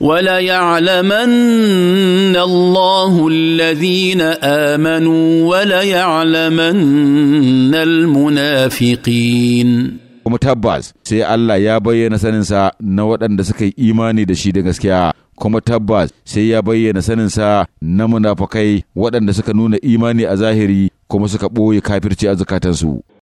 وليعلمن الله الذين امنوا وليعلمن المنافقين kuma tabbas sai Allah ya bayyana saninsa na waɗanda suka yi imani da shi da gaskiya kuma tabbas sai ya bayyana saninsa na munafakai waɗanda suka nuna imani a zahiri kuma suka ɓoye kafirci a zukatansu